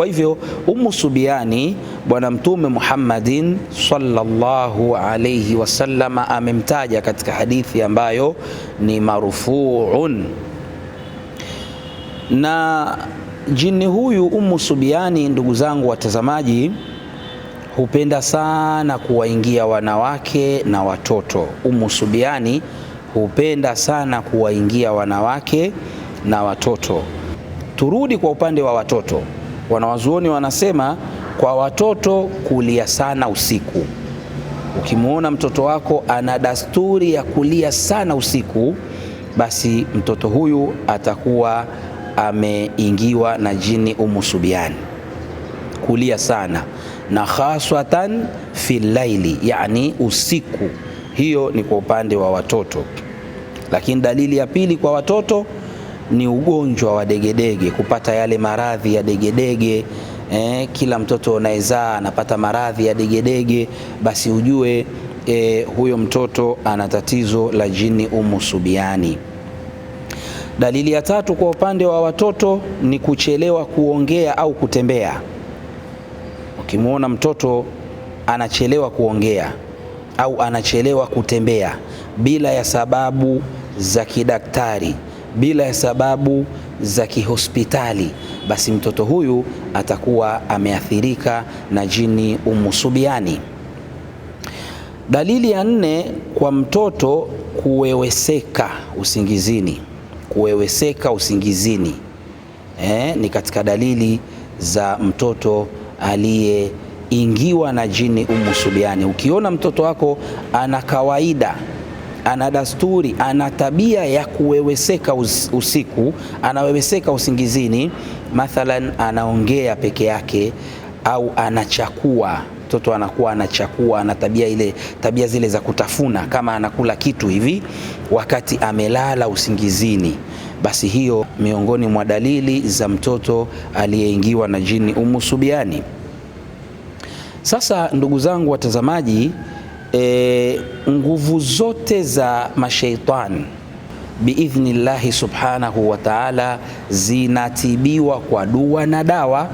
Kwa hivyo Ummu Subiani, Bwana Mtume Muhammadin sallallahu alayhi wasallama amemtaja katika hadithi ambayo ni marufuun, na jini huyu Ummu Subiani, ndugu zangu watazamaji, hupenda sana kuwaingia wanawake na watoto. Ummu Subiani hupenda sana kuwaingia wanawake na watoto. Turudi kwa upande wa watoto. Wanawazuoni wanasema kwa watoto kulia sana usiku. Ukimwona mtoto wako ana dasturi ya kulia sana usiku, basi mtoto huyu atakuwa ameingiwa na jini umusubiani, kulia sana na khaswatan filaili, laili, yani usiku. Hiyo ni kwa upande wa watoto, lakini dalili ya pili kwa watoto ni ugonjwa wa degedege, kupata yale maradhi ya degedege. Eh, kila mtoto unayezaa anapata maradhi ya degedege, basi ujue eh, huyo mtoto ana tatizo la jini umu subiani. Dalili ya tatu kwa upande wa watoto ni kuchelewa kuongea au kutembea. Ukimwona mtoto anachelewa kuongea au anachelewa kutembea bila ya sababu za kidaktari bila ya sababu za kihospitali, basi mtoto huyu atakuwa ameathirika na jini umusubiani Dalili ya nne kwa mtoto kuweweseka usingizini, kuweweseka usingizini eh, ni katika dalili za mtoto aliyeingiwa na jini umusubiani Ukiona mtoto wako ana kawaida ana dasturi, ana tabia ya kuweweseka usiku, anaweweseka usingizini. Mathalan, anaongea peke yake au anachakua mtoto anakuwa anachakua, ana tabia ile, tabia zile za kutafuna, kama anakula kitu hivi wakati amelala usingizini, basi hiyo miongoni mwa dalili za mtoto aliyeingiwa na jini umusubiani Sasa ndugu zangu watazamaji e, nguvu zote za mashaitani biidhnillahi subhanahu wa taala zinatibiwa kwa dua na dawa.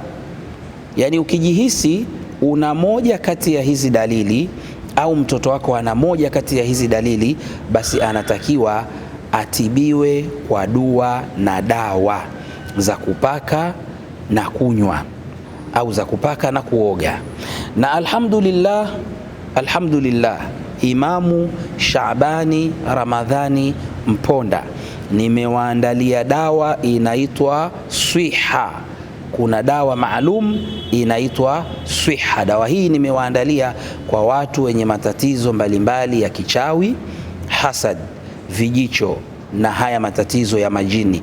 Yaani, ukijihisi una moja kati ya hizi dalili au mtoto wako ana moja kati ya hizi dalili, basi anatakiwa atibiwe kwa dua na dawa za kupaka na kunywa au za kupaka na kuoga, na alhamdulillah Alhamdulillah, Imamu Shabani Ramadhani Mponda nimewaandalia dawa inaitwa swiha. Kuna dawa maalum inaitwa swiha. Dawa hii nimewaandalia kwa watu wenye matatizo mbalimbali ya kichawi, hasad, vijicho na haya matatizo ya majini.